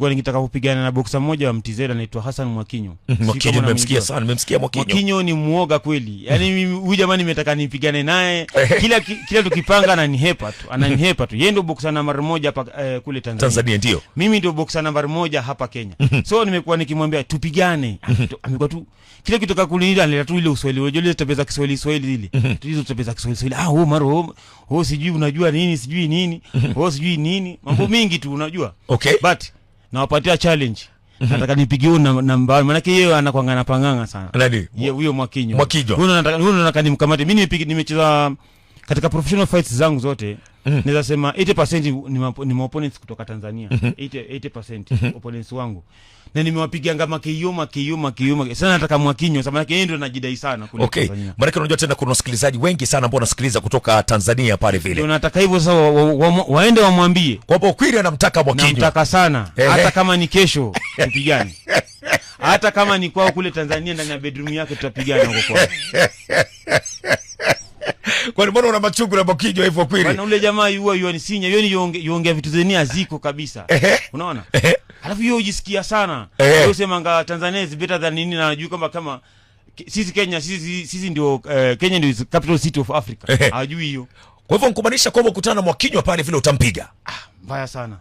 nilikuwa nikitaka kupigana na boksa mmoja wa Mtizela anaitwa Hassan Mwakinyo. Mm, Mwakinyo nimemsikia sana, nimemsikia Mwakinyo. Mwakinyo ni muoga kweli. Yaani mm. mimi huyu jamaa nimetaka nipigane naye. Eh. Kila kila tukipanga ananihepa tu, ananihepa tu. Yeye ndio boksa nambari moja hapa eh, kule Tanzania. Tanzania ndio. Mimi ndio boksa nambari moja hapa Kenya. Mm-hmm. So nimekuwa nikimwambia tupigane. Mm-hmm. Amekuwa tu kila kitu kulinda anileta tu ile Uswahili. Unajua ile tepeza Kiswahili Swahili ile. Mm-hmm. Tulizo tepeza Kiswahili Swahili. Ah, wewe oh, maro wewe oh, oh, sijui unajua nini, sijui nini. Wewe sijui nini. Mambo mingi tu unajua. Okay. But nawapatia challenge nataka nipigie na namba, maana yeye anakuanga na panganga sana. huyo? Mwakinyo. huyo nataka huyo nataka nimkamate mimi. Nimecheza katika professional fights zangu zote mm. naweza sema 80% ni, ma, ni ma opponents kutoka Tanzania mm -hmm. 80%, 80% mm -hmm. opponents wangu na nimewapiganga makeio makeio makeio sana, nataka Mwakinyo sababu yeye ndio anajidai sana kule okay. Tanzania. Maana unajua tena kuna wasikilizaji wengi sana ambao wanasikiliza kutoka Tanzania pale vile. Ndio nataka hivyo sasa wa, wa, wa, waende wamwambie kwamba Okwiri anamtaka Mwakinyo. Namtaka sana hey, hata kama ni kesho tupigane. hata kama ni kwao kule Tanzania ndani ya bedroom yake tutapigana huko kwao. Kwani mbona una machungu na bokijo hivyo kweli? Bwana ule jamaa yua yua ni sinya, yoni yongea vitu zenye haziko kabisa. Unaona? Alafu yeye hujisikia sana. Yeye sema nga Tanzania is better than nini na anajua kama kama sisi Kenya sisi sisi ndio eh, Kenya ndio capital city of Africa. Hajui hiyo. Kwa hivyo nikumanisha kwamba ukutana na Mwakinywa pale vile utampiga. Ah, mbaya sana.